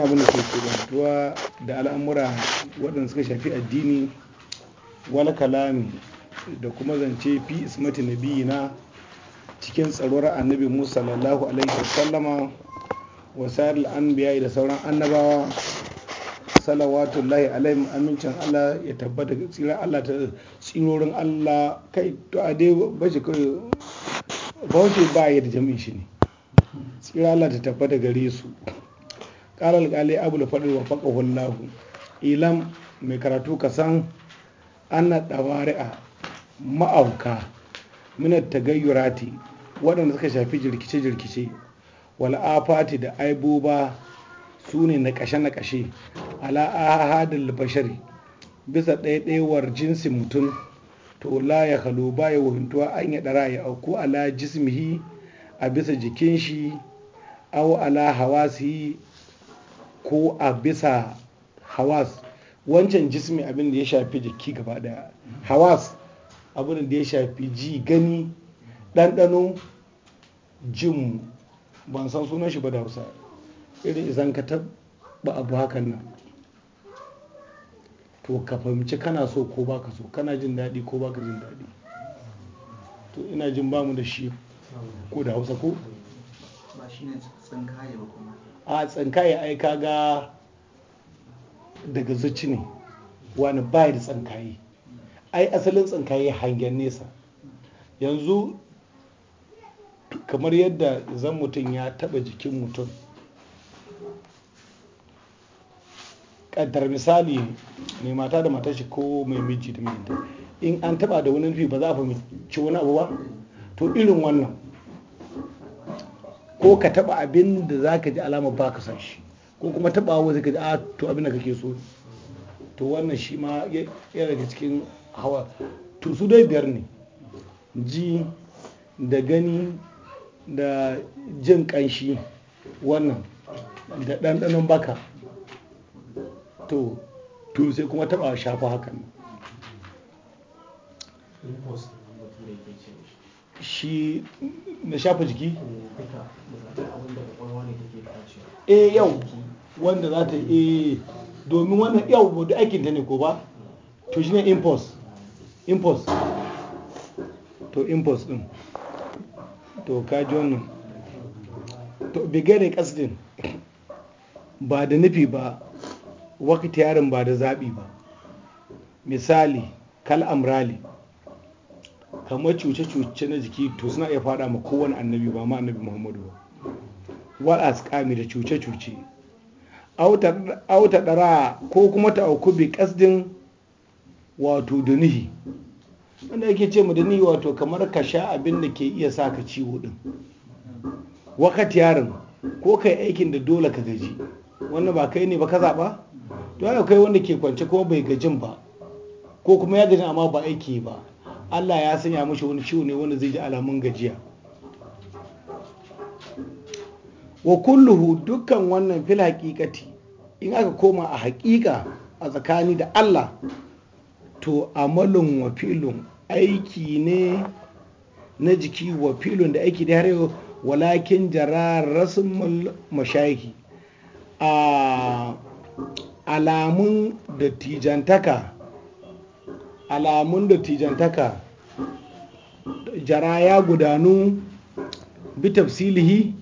cikin abin da ke kebantuwa da al'amura waɗanda suka shafi addini wal kalami da kuma zance fi ismati na, cikin tsaron annabi musa sallallahu alaihi wa sallama. wa sayar anbiya da sauran annabawa salawatullahi alaihim amincin Allah ya tabbata tsirar Allah ta tsirorin Allah kai to a dai bashi kai bauchi ba ya da jami'in shi ne tsirar Allah ta tabbata gare su ƙara alƙali abu da faɗi wa faƙa wallahu ilam mai karatu ka san ana a ma'auka minar tagayyurati waɗanda suka shafi jirkice-jirkice wal'afati da aiboba su ne na ƙashe-na-ƙashe ala ahadin bashari bisa ɗaiɗaiwar jinsin mutum to la ya halo ba ya wahintuwa an yi ɗara ya auku ala jismihi a bisa jikin shi au ala hawasihi ko a bisa hawas wancan jismi abin da ya shafi jiki gaba daya hawas abin da ya shafi ji gani ɗanɗano jin ban san sunan shi ba da hausa irin izan ka taɓa abu hakan nan to ka fahimci kana so ko baka so kana jin daɗi ko baka jin daɗi to ina jin bamu da shi ko da hausa ko ba shi ne kaya ba kuma a ya aika ga daga zuci ne wani bai da tsinkaye ai asalin tsinkaye hangen nesa yanzu kamar yadda zan mutum ya taba jikin mutum kaddar misali mai mata da mata shi ko mai miji da miji in an taba da wani nufi ba za a fahimci wani abu ba to irin wannan ko ka taba abin da za ka ji alamar ba ka san shi ko kuma taba wa zai ka ji a ah, to abin da kake so to wannan shi ma yana daga cikin hawa to su dai biyar ne ji da gani da jin kanshi wannan da ɗanɗanon baka to to sai kuma taba shafa hakan shi na shafa jiki eh, eh yau wanda za ta yi. Eh, domin wannan yau wadda aikin ta ne ko ba to shi ne impulse impulse to impulse din to kaji wannan to bigare kasdin ba da nufi ba wakati yarin ba da zaɓi ba misali kal amrali kamar cuce-cuce na jiki to suna iya fada ma kowane annabi ba ma annabi muhammadu ba wal asqami da cuce-cuce auta dara ko kuma ta auku bi kasdin wato dunihi wanda yake ce mu dunihi wato kamar ka sha abin da ke iya sa ka ciwo din wakati yarin ko kai aikin da dole ka gaji wannan ba kai ne ba ka zaba to akwai wanda ke kwance kuma bai gajin ba ko kuma ya gajin amma ba aiki ba Allah ya sanya mashi wani ciwo ne wanda zai ji alamun gajiya wa kulluhu dukkan wannan fil haqiqati in aka koma a haƙiƙa a tsakani da Allah to amalun wa filin aiki ne na jiki wa filin da aiki da har walakin jara rasmul a ah, alamun dattijantaka alamun da tijantaka jara ya gudanu bi tafsilihi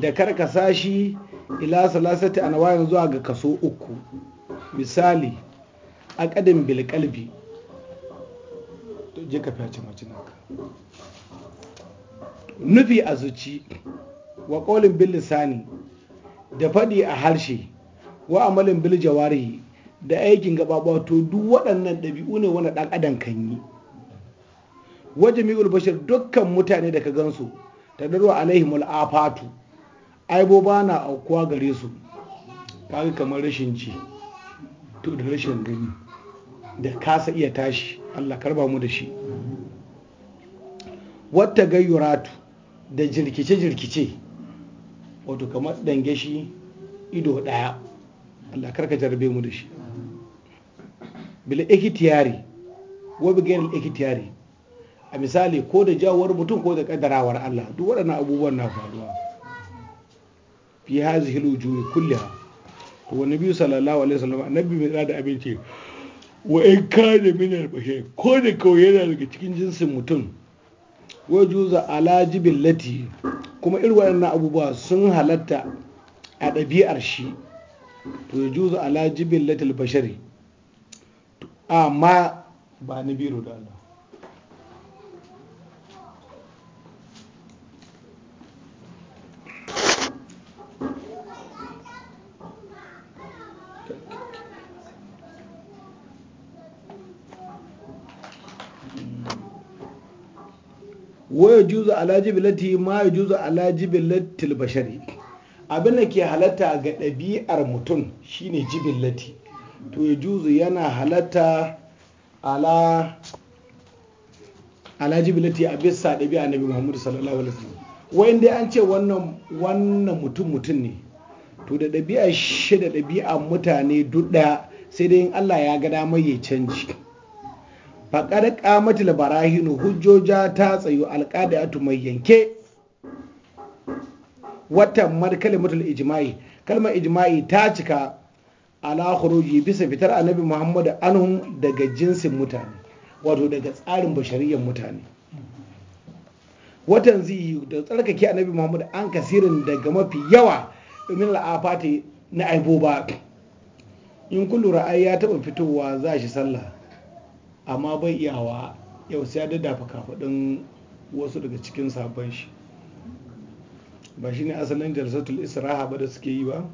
da karkasa shi ila salasati anwa'in zuwa ga kaso uku misali akadin bilkalbi je ka fice nufi a zuci wa ƙolin bil lisani da faɗi a harshe wa amalin bil jawarihi da aikin gaba to duk waɗannan ɗabi'u ne wani ɗan adam kan yi wajen mi'ul bashir dukkan mutane da ka gansu ta darwa mul'afatu ai aibo ba na aukuwa gare su kaga kamar rashin ci to da rashin gani da kasa iya tashi allah karba mu da shi wata gayyuratu da jirkice-jirkice wato kamar dange ido ɗaya allah karka jarabe mu da shi bil ikhtiyari wa bi ghairil ikhtiyari a misali ko da jawar mutum ko da kaddarawar Allah duk waɗannan abubuwan na faruwa fi hazihi lujuhi kulliha to wa nabiyyu sallallahu alaihi wasallam annabi mai da abinci wa in kana min al ko da kawai yana daga cikin jinsin mutum wa juza ala jibillati kuma irin waɗannan abubuwa sun halatta a ɗabi'ar shi to ya juza ala jibillati al-bashari amma ba na biro da Allah waya juza ala jibilati ma ya juza ala jibilatil bashari abin da ke halatta ga ɗabi'ar mutum shine jibillati to ya juzu yana halatta ala ala jibilati a bisa ɗabi biyu muhammadu sallallahu alaihi wasallam wayan dai an ce wannan mutum mutum ne to da ɗabi'a shi da ɗabi'a mutane duk ɗaya sai dai in Allah ya ga mai ya canji faƙar ƙamatul barahinu hujjoja ta tsayu alƙadatu mai yanke watan mar kalimatul ijma'i kalmar ijma'i ta cika ala khuruji bisa fitar annabi muhammadu anhum daga jinsin mutane wato daga tsarin bashariyar mutane watan zihi da tsarkake annabi muhammadu an kasirin daga mafi yawa min la'afati na aibo ba in kullu ra'ayi ya taba fitowa za shi sallah amma bai iyawa yau sai ya daddafa kafadin wasu daga cikin sabon shi ba shi ne asalin jalsatul israha ba da suke yi ba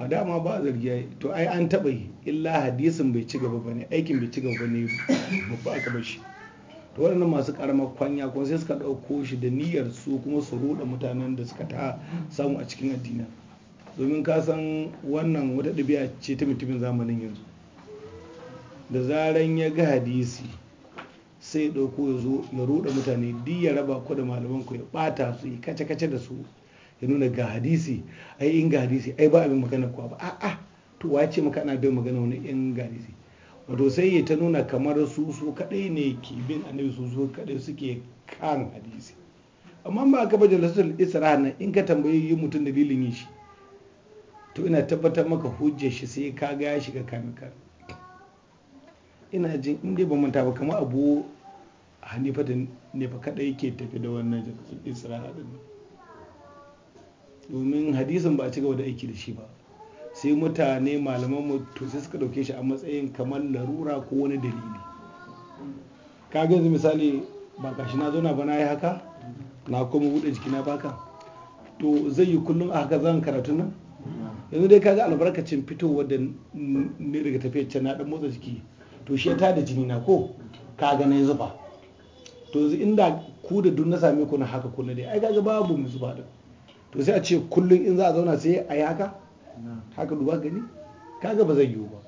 a dama ba a zargi to ai an taɓa yi illa hadisin bai ci gaba ba ne aikin bai ci gaba ba ne babba aka bar shi to waɗannan masu ƙaramar kwanya kuma sai suka ɗauko shi da niyyar su kuma su ruɗa mutanen da suka ta samu a cikin addini domin ka san wannan wata ɗabi'a ce ta mutumin zamanin yanzu da zaran ya ga hadisi sai ya ɗauko ya zo ya ruɗa mutane duk ya raba ku da malaman ku ya ɓata su ya kace-kace da su ya nuna ga hadisi ai in ga hadisi ai ba abin magana kuwa ba a'a to wace maka ana bin magana wani in ga hadisi wato sai ya ta nuna kamar su su kadai ne ke bin annabi su su kadai suke kan hadisi amma ba ka baje lasul isra nan in ka tambayi yi mutum dalilin yin shi to ina tabbatar maka hujjar shi sai ka ga ya shiga kame kame ina jin in dai ba manta ba kamar abu hanifa da ne fa kadai ke tafi da wannan Israa isra nan. domin hadisin ba a ci gaba da aiki da shi ba sai mutane malaman mutu sai suka dauke shi a matsayin kamar larura ko wani dalili ka ga misali ba kashi na zauna ba na yi haka na kuma buɗe jiki na baka to zai yi kullum a haka zan karatu nan yanzu dai ka ga albarkacin fitowar da ne daga tafiyar can na dan motsa jiki to shi ta da jini na ko ka kaga na zuba to inda ku da dun na same ku na haka kuna dai ai kaga babu mu zuba din to sai a ce kullum in za a zauna sai a yi haka haka duba gani kaga ba zai yiwu ba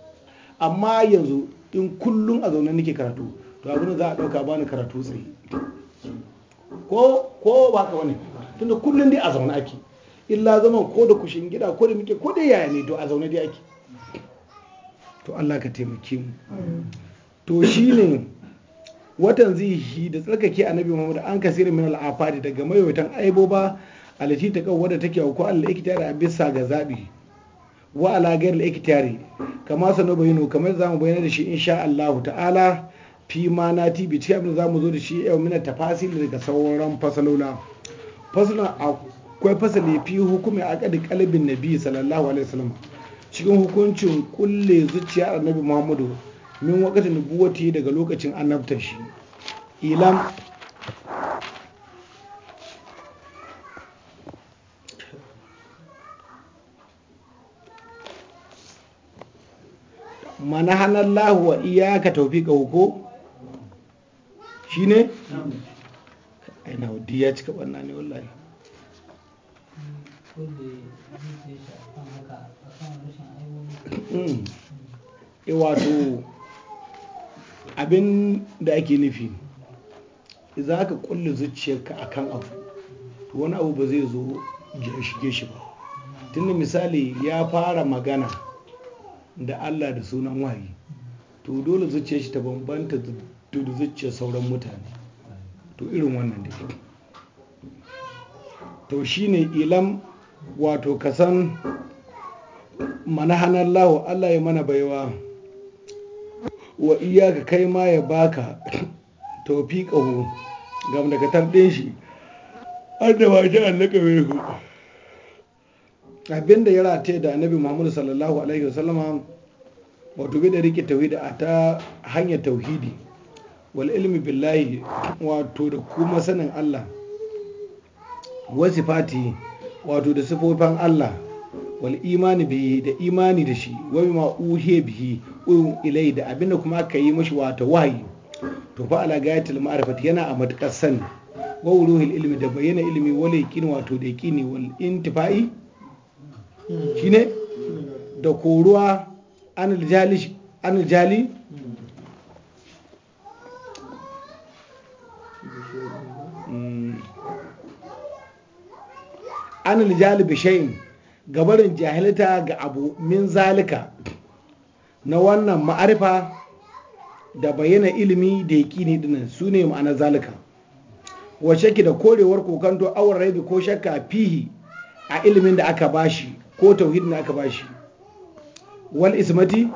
amma yanzu in kullum a zaune nake karatu to abin da za a dauka bani karatu tsaye ko ko ba ka wani tunda kullum dai a zaune ake illa zaman ko da kushin gida ko da muke ko da yaya ne to a zaune dai ake to Allah ka taimake mu to shine watan zihi da tsarkake annabi Muhammad an kasirin min al-afadi daga mayoyitan aiboba alati ta kan wadda take auku alal ikhtiyari a bisa ga zabi wa ala ghair al ikhtiyari kama sanu bayinu kamar zamu bayyana da shi insha Allah ta'ala fi ma na tibi cikin abin zamu zo da shi yau mina tafasil daga sauran fasalola Fasalola akwai fasali fi hukumi aqdi qalbin nabi sallallahu alaihi wasallam cikin hukuncin kulle zuciya annabi Muhammadu min wakatin nubuwati daga lokacin annabtar shi ilam mana hanar lahu wa iyaka taufiqa ko ne? aina hudu ya cika ɓanna ne wallahi e wato abin da ake nufi za ka kulle zuciyarka akan abu to wani abu ba zai zo shige shi ba tunda misali ya fara magana da Allah da sunan wahayi to dole zuciya shi ta bambanta da zuciya sauran mutane to irin wannan da ke to shine ilam wato kasan manahanar lahu Allah ya mana baiwa wa iyaka kai ma ya baka tofi ƙaho ka tarɗe shi an da ba ji laƙa mai abin da ya rataye da annabi muhammadu sallallahu alaihi wasallama wato bi da rike tauhidi a ta hanyar tauhidi wal ilmi billahi wato da kuma sanin allah wasu fati wato da sifofin allah wal imani bihi da imani da shi wani ma uhe bihi uyun ilai da abinda kuma aka yi mashi wato wahayi to fa ala gayatul ma'rifat yana a matukar sani wa wuruhil ilmi da bayyana ilmi wal yaqin wato da yaqini wal intifa'i shine da koruwa an jali an jali mm. bishayin gabarin jahilta ga abu min zalika na wannan ma'arifa da bayyana ilimi da yaƙini dinnan su ne ma'anar zalika wace ki da korewar kokanto awon raibi ko shakka fihi a ilimin da aka bashi ko tauhid na aka bashi wal ismati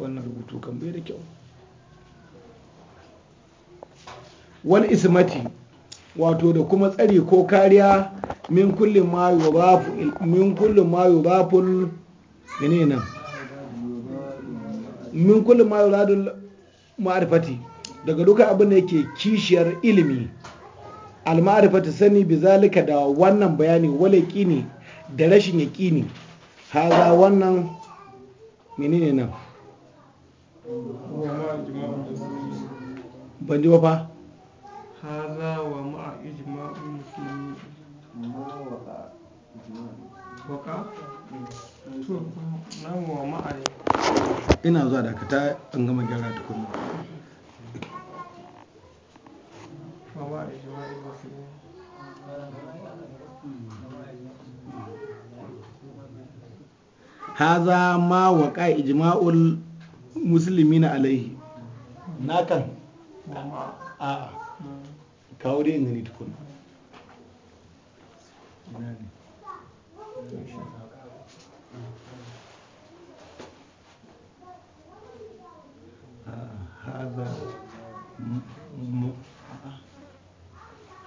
wannan rubutu kan bai da kyau wal ismati wato da kuma tsari ko kariya min kullum ma yubafu min kullum ma yubafu nan min kullum ma yuradu ma'arifati daga duka abin da yake kishiyar ilimi al ma'arifati sani zalika da wannan bayani wal ne. da rashin yaƙini haza wannan menene nan ban ba fa haza wa ma'a ina zuwa da ka ta an gama gyara tukunna haza ma wa ka ijma'ul muslimina alaihi na kan a kawo dai gani tukuna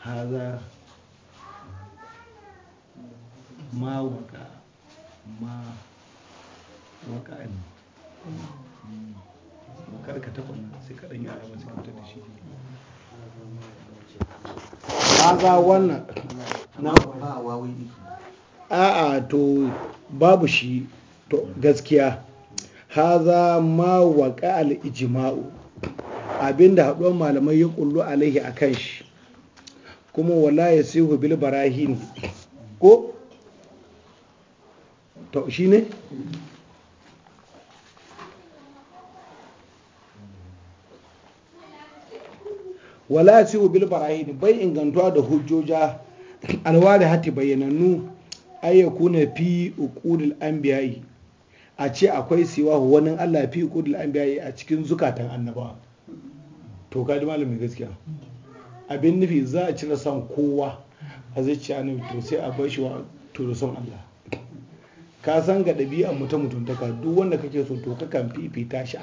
haza wannan na a'a to babu shi to gaskiya haza ma waƙa al'ijima'u abinda haɗuwar malamai ya kullu alaihi a kan shi kuma wala ya sihu bil barahini ko to shi ne wala siu bil barahid bai ingantuwa da hujjoja alwari hati bayyanannu ay yakuna fi uqudil anbiya'i a ce akwai siwa wani Allah fi uqudil anbiya'i a cikin zukatan annabawa to ka ji malamin gaskiya abin nufi za a cire son kowa a zuciya ne to sai a bar shi wa to son Allah ka san ga ɗabi'a mutum mutuntaka duk wanda kake so to kakan fifita shi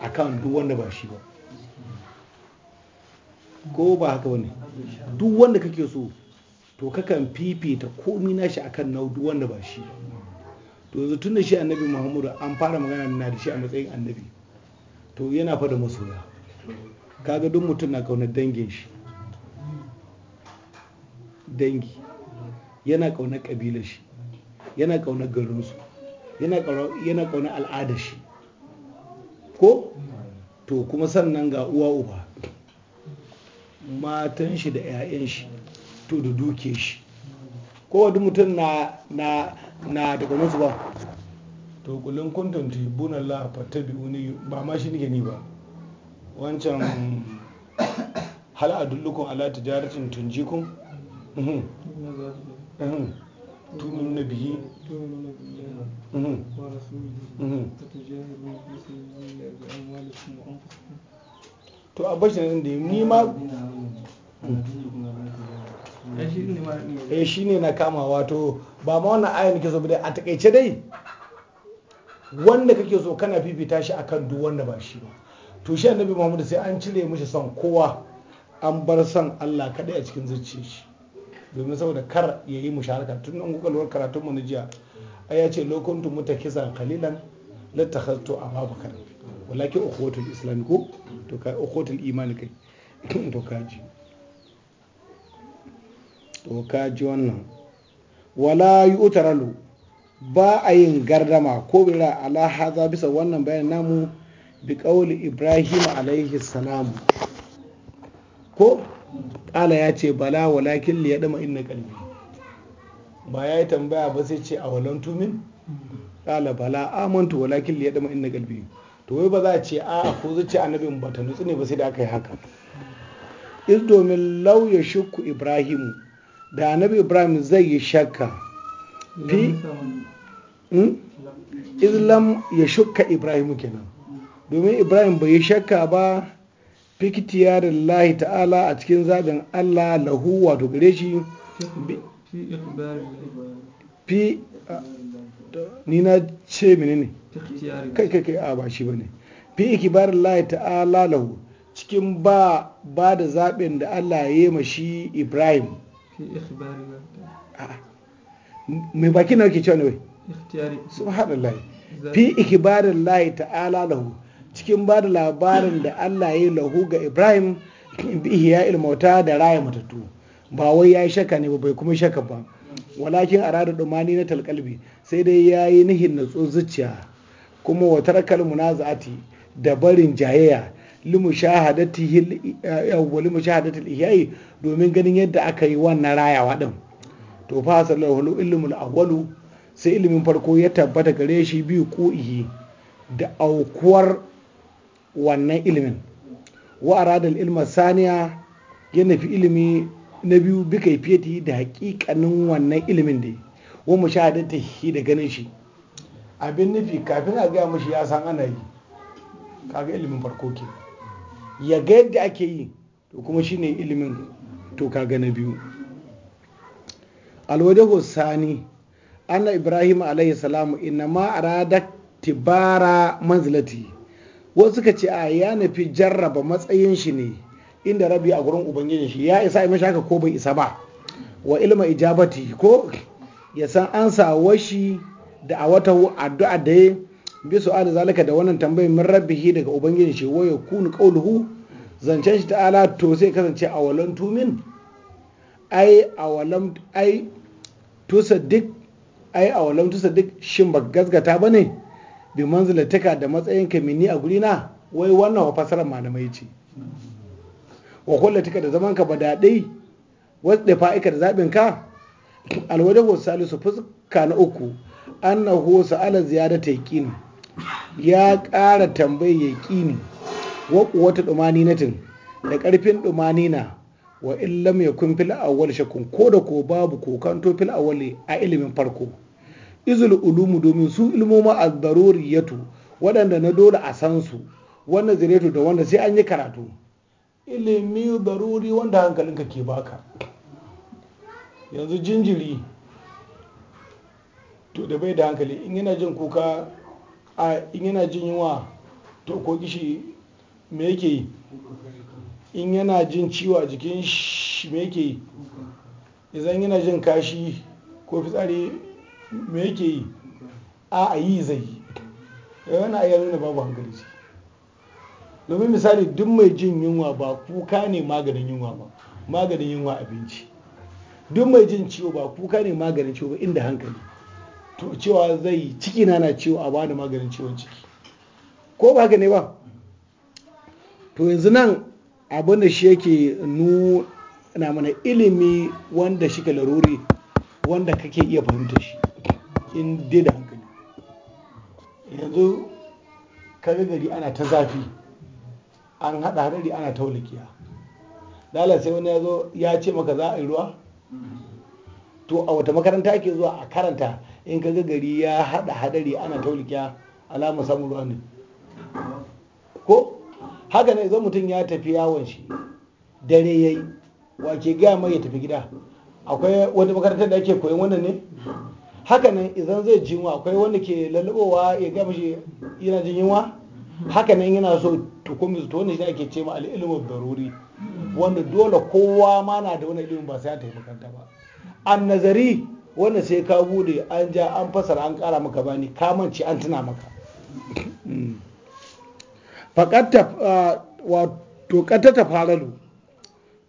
akan duk wanda ba shi ba ko ba haka bane duk wanda kake so to kakan fifita komi nashi akan na duk wanda ba shi to yanzu tun da shi annabi muhammadu an fara magana na da shi a matsayin annabi to yana fada masoya kaga duk mutum na kaunar dangin shi dangi yana kaunar kabilar shi yana kaunar garinsu yana kaunar al'adar shi ko to kuma sannan ga uwa uba matan shi da 'ya'yan shi to da duke shi kowane mutum na na na daga musu ba to kullum la'afar ta biyu ne ba ma shi nike ni ba wancan hal adullukum ala tijaratin tunjikum Tunin na biyi wa to a bashi nan da ni ma eh shi ne na kama wato ba ma wannan ayan ke so ba a takaice dai wanda kake so kana fifita shi akan duk wanda ba shi ba to shi annabi Muhammad sai an cire mishi son kowa an bar son Allah kadai a cikin zuciyar shi domin saboda kar ya yi musharaka tun an kuka lura karatun mu na jiya ai ya ce lokuntu muta kisan kalilan babu ababakar walakin ukhuwatul islam ko to ka ukhuwatul imani kai to kaji to kaji wannan wala yu'taralu ba a yin gardama ko bira ala haza bisa wannan bayanin namu bi qawli ibrahim alaihi salam ko kala ya ce bala walakin li yadma inna qalbi ba ya yi tambaya ba sai ce a walantumin? min bala amantu walakin li yadma inna qalbi to wai ba za a ce a ko zuci annabin ba ta nutsu ne ba sai da aka yi haka is domin lau ya shukku ibrahimu da annabi ibrahim zai yi shakka fi islam ya shukka ibrahimu kenan domin ibrahim bai yi shakka ba da lahi ta'ala a cikin zaɓin allah lahu wato gare shi fi ni na ce menene ne kai kai kai a ba shi bane fi ikibar Allah ta'ala lahu cikin ba ba da zaɓin da Allah ya yi shi Ibrahim mai baki na ke cewa ne wai subhanallah fi ikibarin lahi ta'ala lahu cikin ba da labarin da Allah ya yi lahu ga Ibrahim ya ilmauta da raya matattu ba wai ya yi shaka ne ba bai kuma shaka ba walakin arada dumani na talkalbi sai dai ya yi nihin na zuciya kuma wa na munaza'ati da barin jayayya shahadatul ihya'i domin ganin yadda aka yi wannan rayawa din to fa sallahu ilmul awwalu sai ilimin farko ya tabbata gare shi biyu ku'ihi da aukuwar wannan ilimin wa aradal ilma saniya ya nufi ilimi na biyu bi kaifiyati da hakikanin wannan ilimin da wa mushahadatihi da ganin shi abin nufi kafin a gaya mashi ya san ana yi kaga ilimin farko ke ya ga yadda ake yi to kuma shine ilimin to kaga na biyu alwadahu sani anna ibrahim alaihi salamu inna ma arada tibara manzilati wasu suka ce a ya nufi jarraba matsayin shi ne inda rabi a gurin ubangijin shi ya isa mashi haka ko bai isa ba wa ilma ijabati ko ya san an sawa shi da a wata addu'a da ya bi su'ali zalika da wannan tambayi min rabbihi daga ubangiji shi waya kunu qauluhu zancen shi ta'ala to sai kasance a walan tumin ai a walan ai tusaddiq ai a to shin ba gazgata bane bi manzilataka da matsayin ka mini a guri na wai wannan wa fasarar malamai ce wa kullatika da zaman ka ba daɗai wasu da fa'ika da zabin ka alwajen salisu fuska na uku annahu sa'ala ziyadata yaqini ya ƙara tambayi yaqini wa quwwata dumaninatin da ƙarfin dumanina wa in lam yakun fil awwal shakun ko da ko babu kokanto fil awwali a ilimin farko izul ulumu domin su ilmoma ad-daruriyatu waɗanda na dole a san su wannan ziretu da wanda sai an yi karatu ilimi daruri wanda hankalinka ke baka yanzu jinjiri to da bai da hankali in yana jin kuka a in yana jin yunwa to ko gishi me yake yi in yana jin ciwo a jikin shi me yake yi idan yana jin kashi ko fitsari me yake yi a a yi zai yi yana a da babu hankali ce domin misali duk mai jin yunwa ba kuka ne maganin yunwa ba maganin yunwa abinci duk mai jin ciwo ba kuka ne maganin ciwo ba inda hankali to cewa zai ciki na na ciwo a bada maganin ciwon ciki ko ba haka ne ba to yanzu nan abin da shi yake nuna mana ilimi wanda shi ka laruri wanda kake iya fahimta shi in dai da hankali yanzu kaga gari ana ta zafi an haɗa hadari ana taulikiya dala sai wani ya zo ya ce maka za a yi ruwa to a wata makaranta ake zuwa a karanta in ka ga gari ya hada hadari ana taulikiya alamun samun ruwa ne ko haka ne idan mutum ya tafi yawon shi dare yi wake gaya mai ya tafi gida akwai wata makarantar da ake koyon wannan ne haka nan idan zai jinwa akwai wanda ke lallabowa ya gama mashi yana jin yunwa haka nan yana so tukumi to wannan shi ake ce ma daruri wanda dole kowa ma na da wani ilimin ba sai ya tafi makaranta ba an nazari wannan sai ka bude an ja an fasar an kara maka bani kamanci an tuna maka mm. faƙatta wato ta faralu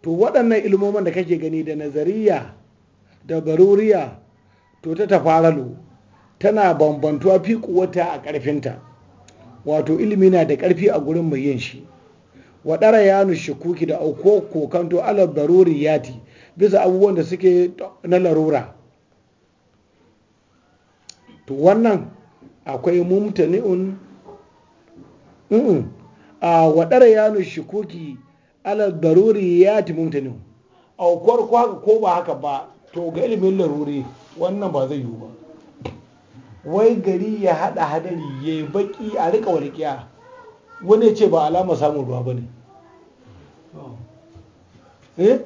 to waɗannan ilmomin da kake gani da nazariya da garuriya to ta tafaralu tana bambantuwa fi kuwata a ƙarfinta wato ilimi na da ƙarfi a gurin mai yin shi waɗara nushi kuki da auko kokanto ya daruriyati bisa abubuwan da suke na larura to wannan akwai Un-un, a waɗar yano shikoki alal daruri ya ti ni'un aukuwar ko kwaka ko ba haka ba to ga ilimin laruri wannan ba zai yiwu ba wai gari ya haɗa hadari ya yi baƙi a rika walƙiya wani ce ba alama samun ruwa ba ne eh?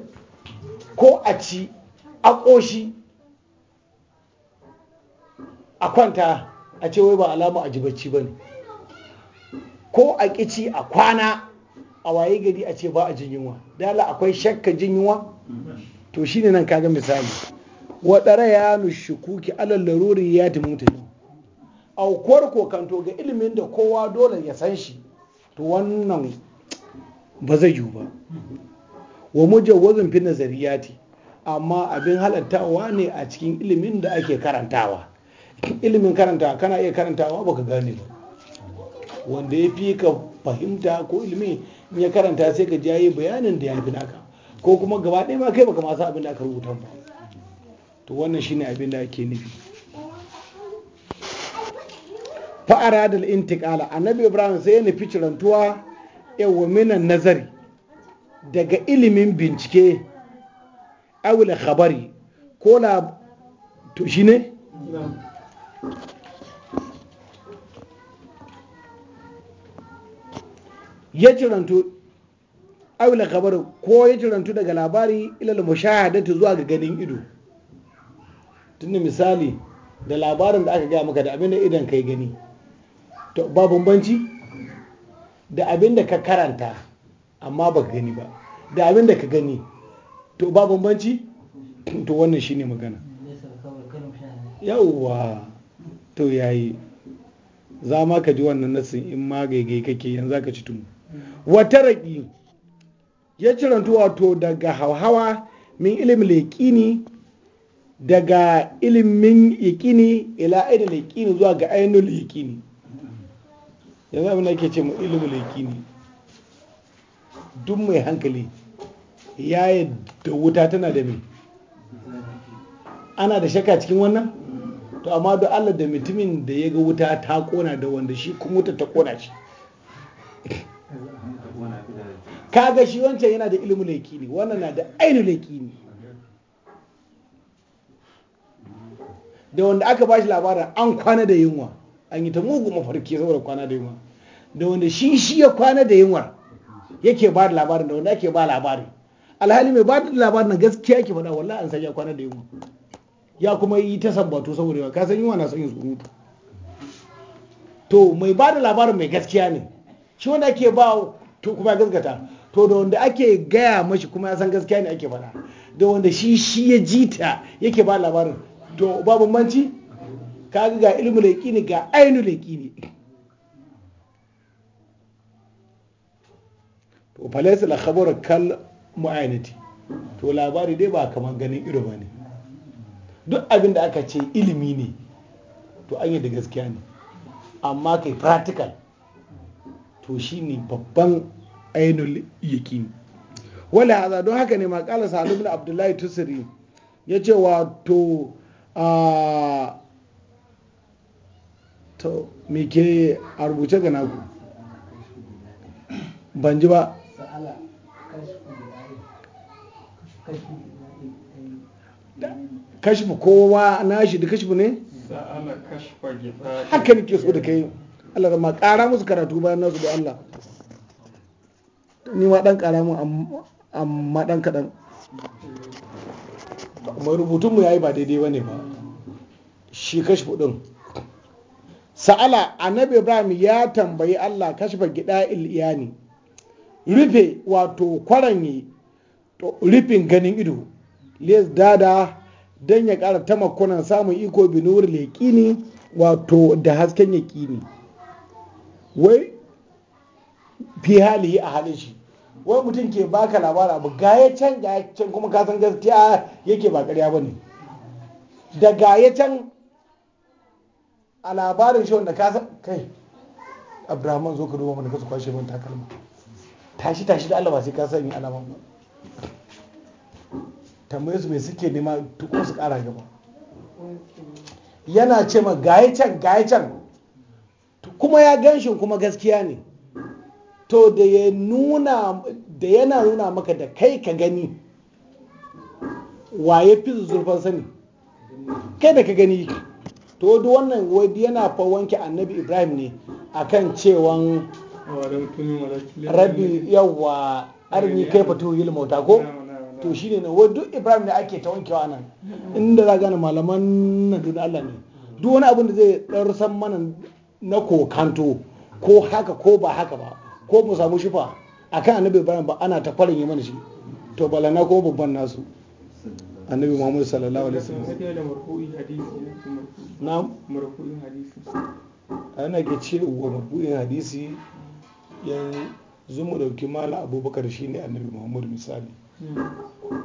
ko a ci a ƙoshi a kwanta a ce wai ba alama a jibarci ba ne ko a kici a kwana a waye gari a ce ba a jin yunwa dala akwai shakka jin yunwa to ne nan kaga misali waɗara ya nushukuki alal laruri ya timutani aukuwar kokanto ga ilimin da kowa dole ya san shi to wannan ba zai yiwu ba wa mujawwazin fi nazariyati amma abin halattawa ne a cikin ilimin da ake karantawa ilimin karanta kana iya karantawa baka gane ba wanda ya fi ka fahimta ko ilimi in ya karanta sai ka jaye bayanin da ya fi naka ko kuma gaba ɗaya ma kai baka masu abin da aka rubuta ba to wannan shine abin da ake nufi fa'ara da intiqala annabi ibrahim sai ya nufi cirantuwa yawa minan nazari daga ilimin bincike awil khabari ko la to shine ya jirantu aula kabar ko ya jirantu daga labari ilal mushahadatu zuwa ga ganin ido tunda misali da labarin da aka gaya maka da abin da idan kai gani to ba bambanci da abin da ka karanta amma ba ka gani ba da abin da ka gani to ba bambanci to wannan shine magana yawwa to yayi za ma ka ji wannan nasin in ma kake yanzu za ka ci tumu wata raƙi ya cirantu wato daga hauhawa min ilimin laƙini daga ilimin yaƙini ila aida laƙini zuwa ga ainihin laƙini yanzu abin da ke ce mu ilimin laƙini duk mai hankali ya da wuta tana da mai ana da shaka cikin wannan to amma da Allah da mutumin da ya ga wuta ta kona da wanda shi kuma wuta ta kona shi kaga shi wancan yana da ilimin laiki ne wannan na da ainihin laiki ne da wanda aka ba shi labarin an kwana da yunwa an yi ta mugu mafarki saboda kwana da yunwa da wanda shi shi ya kwana da yunwa yake ba da labarin da wanda ake ba labarin alhali mai ba da labarin gaskiya ke faɗa wallahi an sanya kwana da yunwa ya kuma yi ta sabbato saboda yawa kasan yunwa na son yin surutu to mai ba da labarin mai gaskiya ne shi wanda ake ba to kuma gaskata to da wanda ake gaya mashi kuma ya san gaskiya ne ake faɗa da wanda shi shi ya jita yake ba labarin to ba bambanci kaga ga ilmu ne ga laiki ne. to falaisa la khabar kal mu'ayanati to labari dai ba kamar ganin ido ba ne duk abin da aka ce ilimi ne to an yi da gaskiya ne amma kai practical to shi ne babban ainihin yakin wale a don haka ne ma kala salim na abdullahi tusiri ya ce wato a to me ke a rubuce ga naku ban ji ba kashfu kowa na shi da kashfu ne haka nake so da kai Allah da ma kara musu karatu bayan nasu da Allah ni ma dan kara mu amma dan kadan. mai rubutun mu yayi ba daidai bane ba shi kashfu din sa'ala annabi ibrahim ya tambayi Allah kashfa gida iliyani rufe wato kwaranye rufin ganin ido les dada don ya ƙara tamakunan samun iko binuwar leƙini wato da hasken yaƙini wai fi hali a halin shi wai mutum ke baka labara abu ga ya can ga ya can kuma ka san gaskiya yake ba ƙarya ba ne da ga ya can a labarin shi wanda ka san kai abdurrahman zo ka duba mana ka su kwashe min takalma tashi tashi da allah ba sai ka sani alaman tambaye su mai suke nema tukun su kara gaba yana ce ma gaye can gaye can kuma ya gan shi kuma gaskiya ne to da ya nuna da yana nuna maka da kai ka gani waye fi zurfan sani kai da ka gani to duk wannan wadi yana fa wanke annabi ibrahim ne akan cewan rabi yawa arni kai yi mota ko to ne na wa duk ibrahim ne ake ta wankewa nan inda za gane malaman na dun Allah ne duk wani abin da zai san mana na kokanto ko haka ko ba haka ba ko mu samu a kan annabi ibrahim ba ana ta kwarin yi mana shi to bala na ko babban nasu annabi muhammad sallallahu alaihi wasallam na'am marfu'in hadisi ana ke ce wa marfu'in hadisi yanzu mu dauki mala abubakar shine annabi muhammad misali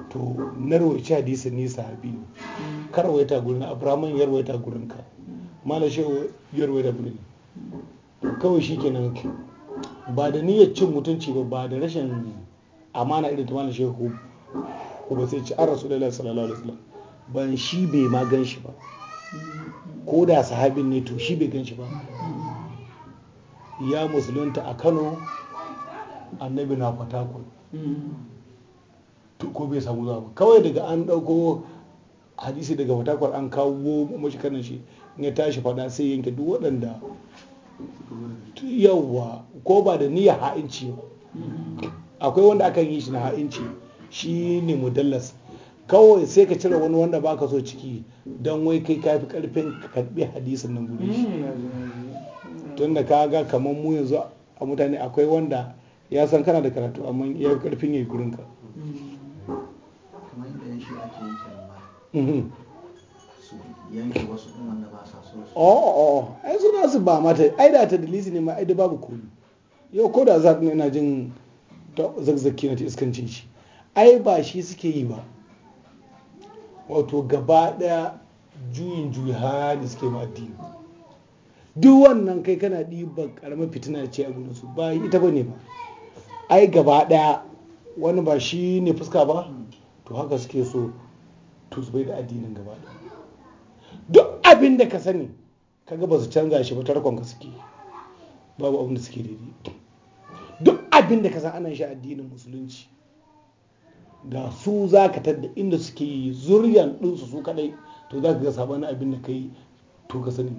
to narwa ci hadisi ne sahabi ne ka rawaita gurin abraman ya rawaita gurin ka mala shehu ya rawaita gurin kawai shi kenan ba da niyyar cin mutunci ba ba da rashin amana irin ta mala shehu ko ba sai ci an rasu lalai sallallahu alaihi wasallam ban shi bai ma gan shi ba ko da sahabin ne to shi bai gan shi ba ya musulunta a kano annabi na kwatakwai ko bai samu zuwa ba kawai daga an ɗauko hadisi daga fatakwar an kawo mashikanin shi ya tashi fada sai yanke duk waɗanda yawwa ko ba da niyyar ha'inci akwai wanda aka yi shi na ha'inci shi ne mudallas kawai sai ka cire wani wanda baka so ciki don wai kai kafi karfin karbi hadisin nan guri tunda ka ga kamar mu yanzu a mutane akwai wanda ya san kana da karatu amma ya karfin ya yi gurinka yanke wasu wanda ba sa so su ai suna ba mata ai da ta ne ma ai da babu komi yau ko da zaka na jin zagzaki na ta iskancin shi ai ba shi suke yi ba wato gaba daya juyin juyi hali suke ma addini duk wannan kai kana ɗiban karamar fitina ce a gurin su ba ita ba ne ba ai gaba daya wani ba shi ne fuska ba to haka suke so to su bai da addinin gaba duk abin da ka sani kaga ba su canza shi ba tarkon ka suke babu abin da suke daidai duk abin da ka san ana shi addinin musulunci da su za ka tadda inda suke yi zuriyan ɗinsu su kadai to za ka ga sabanin abin da ka yi to ka sani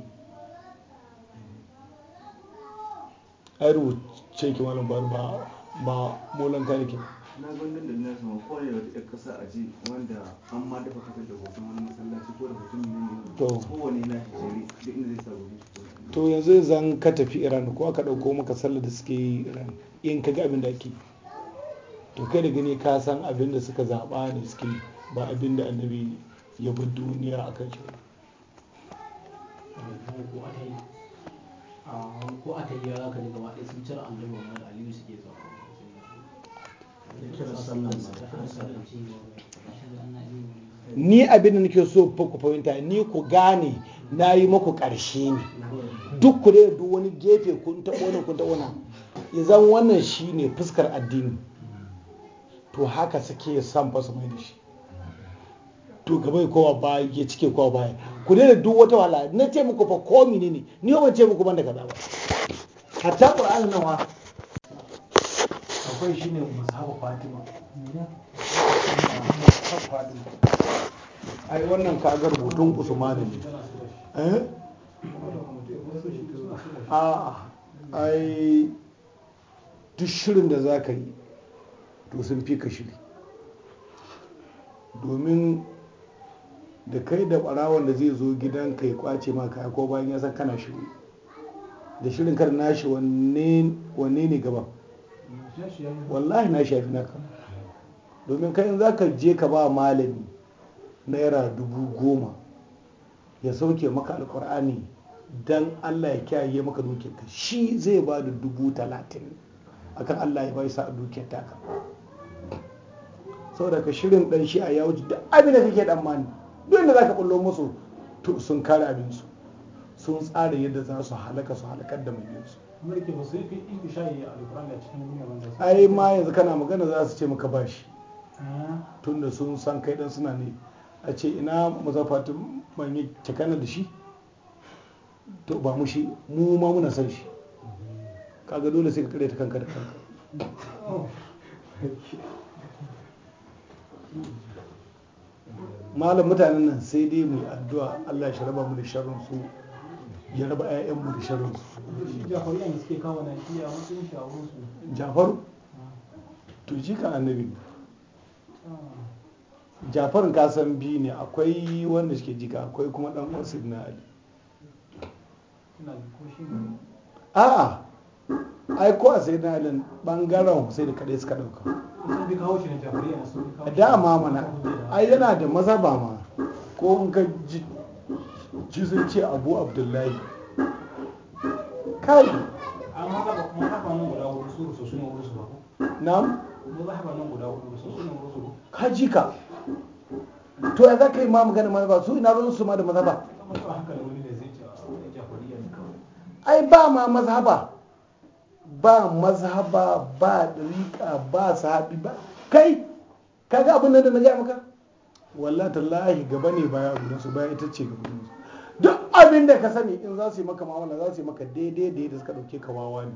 ai rubuce ki malam ba ba molan kaliki ba na gandun da na sama kone da wata ƙasa a ji wanda an ma dafa kasar da hoton wani masallaci ko da hoton ne to kowane na shiri duk inda zai sa rubutu to yanzu zan ka tafi iran ko aka ɗauko maka sallar da suke yi iran in ka ga abin da ake to kai da gani ka san abin da suka zaɓa da suke ba abin da annabi ya bi duniya a kan shi ko a ta yi ya ka ne gaba ɗaya sun cire annabi wa aliyu suke zaɓa ni abin da nake so ku fahimta ni ku gane na yi maku ƙarshe ne duk ku dai duk wani gefe kun taɓo ne kun taɓo na idan wannan shi ne fuskar addini to haka suke son fasa su mai da shi to gaba kowa ba ya cike kowa baya ku dai duk wata wahala na ce muku fa komi ne ne ni ban ce muku ban da kaza ba hatta qur'anin nan akwai shi shine musaba fatima ai wannan kagar rubutun usmani ne eh a ai duk shirin da za ka yi to sun fi ka shiri domin da kai da barawan da zai zo gidan ka ya kwace ma maka ko bayan ya san kana shiri da shirin kar nashi wanne ne gaba wallahi na shafi naka domin kai in zaka je ka ba malami naira dubu goma ya sauke maka alkur'ani dan Allah ya kiyaye maka dukiyarka shi zai ba da dubu talatin akan Allah ya bai sa dukiyar taka saboda ka shirin dan shi a ya wuce da abin da kake dan mani duk da zaka bullo musu sun kare abinsu sun tsara yadda za su halaka su halakar da mai su kuma ba su yi a cikin duniya ai ma yanzu kana magana za su ce maka bashi tun da sun san kai dan suna ne a ce ina mazafatin ban yi cakana da shi to ba mu shi mu ma muna san shi kaga dole sai ka kare ta kanka da kanka malam mutanen nan sai dai mu yi addu'a Allah ya sharaba mu da sharrin su ya raba 'ya'yanmu da su jafar ah. to ji ka annabi ah. ka san biyu ne akwai wanda suke jika akwai kuma dan uwan na ali a'a ai ko a sai na alin bangaren sai da kadai suka dauka dama mana ai yana da mazaba ma ko in ka ji ji ce abu abdullahi kai na'am ka ji ka to ya zaka yi ma magana mazaba su ina ruwan su ma da mazaba ai ba ma mazhaba ba mazhaba ba dariƙa ba sahabi ba kai kaga abin da na gaya maka wallahi tallahi gaba ne baya abin su baya ita ce gaba ne abin da ka sani in za su yi maka ma'amala za su yi maka daidai da yadda suka ɗauke ka wawa ne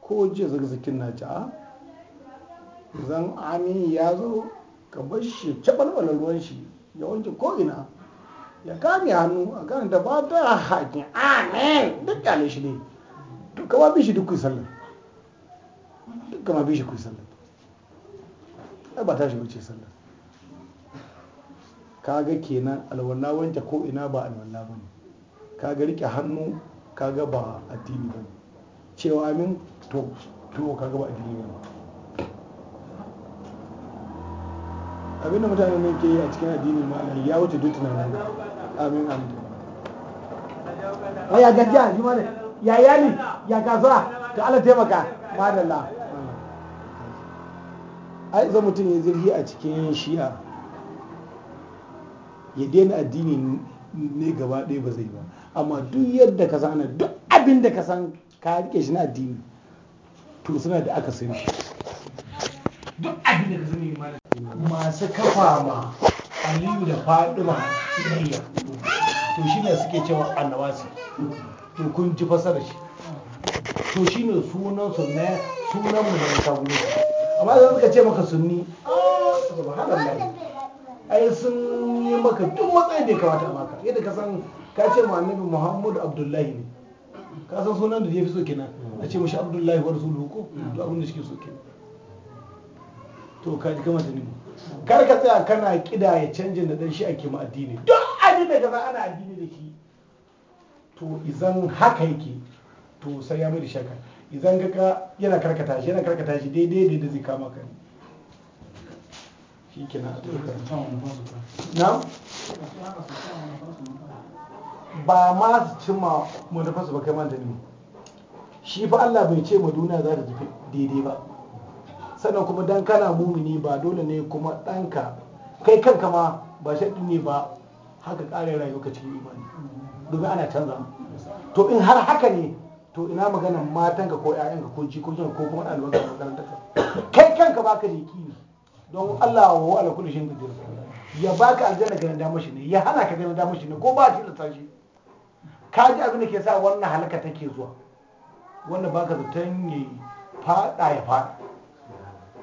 ko jiya zagzakin na ci a zan amin ya zo ka bar shi caɓalɓala ruwan shi ya wanke ko'ina ya kame hannu a kan da ba ta hakin amin duk kyale shi ne duk kama bi shi duk kuyi sallar duk kama bi shi kuyi sallar ai ba ta shi bace sallar kaga kenan alwala wanke ko'ina ba alwala ba ne Ka ga rike hannu ga ba addini ba cewa amin to to ga ba addini ba abinda mutane ne ke yi a cikin addini ma ya wuce duk tunanin amin amin ya gajiya yi mana ya yali ya kasuwa ta ala taimaka madalla ai zo mutum ya zirgi a cikin shi'a ya daina addini ne gaba ɗaya ba zai ba amma duk yadda ka sana duk abin da ka san ka rike shi na addini to suna da aka san shi duk abin da ka sani masu kafa ma aliyu da faduma siyayya to shi ne suke cewa annabasi to kun ji fasara shi to shi ne sunan sunan sunan mu da ta gudu amma zan suka ce maka sunni subhanallah ai sun yi maka duk matsayin da ya kamata maka yadda ka san ka ce ma annabi muhammadu abdullahi ne ka san sunan da ya fi so kenan a ce mashi abdullahi wa rasuluhu ko to abin da shi so kenan to ka ji kama tuni kar ka tsaya kana kida ya canje da dan shi ake ma addini duk abin da ka san ana addini da shi to izan haka yake to sai ya mai da shaka idan ka yana karkata shi yana karkata shi daidai da zai kama ka shi ba ma su cimma manufarsu ba kai manta ne shi fa Allah bai ce ma duniya za ta tafi daidai ba sannan kuma dan kana mumini ba dole ne kuma ɗanka kai kanka ma ba shaɗi ne ba haka ƙare rayuwa cikin imani domin ana canza to in har haka ne to ina maganan matanka ko 'ya'yanka ko jikokin ko kuma ɗalibanka a makarantarka kai kanka ba ka ki don Allah wa ala kulli shay'in qadir ya baka aljanna ganin da mashi ne ya hana ka ganin da mashi ne ko ba shi da tashi ka ji abin da ke sa wannan halaka take zuwa wannan baka zaton ya fada ya fada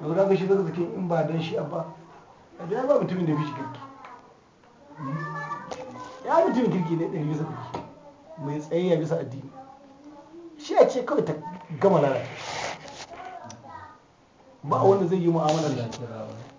yanzu kaga shi zaka zaton in ba dan shi abba da ba mutumin da bishi kirki ya mutumin kirki ne ɗari bisa kirki mai tsaye ya bisa addini shi a ce kawai ta gama lalata ba wanda zai yi mu'amalar ba